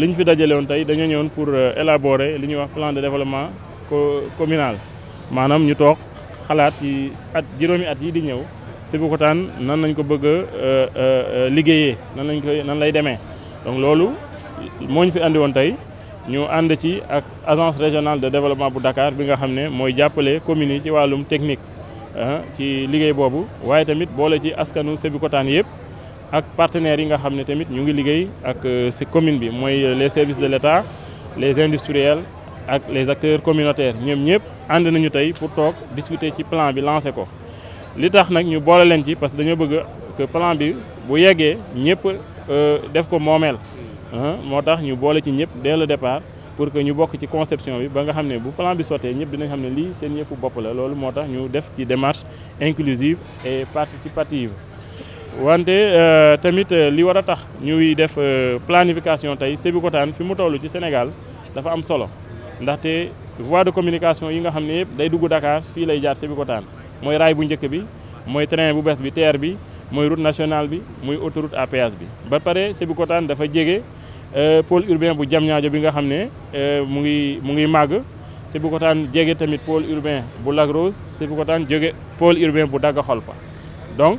liñ fi dajale woon tey dañoo ñëwoon pour euh, élaborer liñ wax plan de développement communal manam ñu tok xalaat ci at juróomi at yi di ñëw Sébikotane nan lañ ko bëgg euh euh liggéeyee nan lañ koy nan lay démé donc lolu moñ fi andi won tay ñu and ci ak agence régionale de développement bu Dakar bi nga xamné moy jappelé commune ci walum technique hein ci liggéey bobu waye tamit boole ci askanu Sébikotane yépp ak partenaires yi nga xamné tamit ñu ngi liggéey ak euh, si commune bi moy euh, les services de l'État les industriels ak les acteurs communautaires ñom ñep and nañu tay pour tok discuter ci plan bi lancé ko. li tax nak ñu boole len ci parce que dañu bëgg que plan bi bu yeggee ñëpp euh, def ko momel hein motax ñu boole ci ñep dès le départ. pour que ñu bokk ci conception bi ba nga xamné bu plan bi sottee ñep dinañ xamné li seen yëfu bop la loolu motax ñu def ci démarche inclusive et participative wante euh, tamit euh, li war a tax ñuy def euh, planification tey Sébikotane fi mu toll ci Sénégal dafa am solo ndaxte voie de communication yi nga xam ne yëpp day dugg Dakar fii lay jaar Sébikotane mooy raay bu njëkk bi mooy train bu bees bi TER bi mooy route national bi muy autoroute à bi. ba pare Sébikotane dafa jege pole urbain bu jam ñaajo bi nga xam ne mu ngi mu ngi màgg Sébikotane jege tamit pôle urbain bu Lac Rose Sébikotane jege pôle urbain bu Daga Xolpa donc.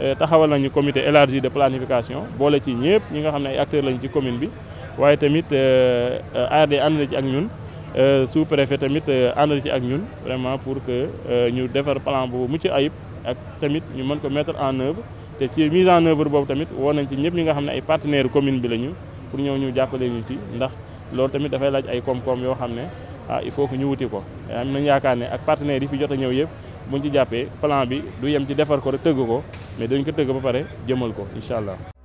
Euh, taxawal nañu comité élargi de planification boole ci ñëpp ñi nga xam ne ay acteurs lañ ci commune bi waaye tamit euh, euh, ARD ànd na ci ak ñun sous préfet tamit ànd na ci ak ñun vraiment pour que ñu defar plan bu mucc ayib ak tamit ñu mën ko mettre en œuvre te ci mise en œuvre boobu tamit woo nañ ci ñëpp ñi nga xam ne ay partenaires commune bi lañu pour ñëw ñu jàppale ñu ci ndax loolu tamit dafay laaj ay koom-koom yoo xam ne ah il faut que ñu wuti ko am nañ yaakaar ne ak partenaires yi fi jot a ñëw yëpp buñ ci jàppee plan bi du yem ci defar ko rek tëgg ko mais dañ ko tëgg ba pare jëmal ko incha allah.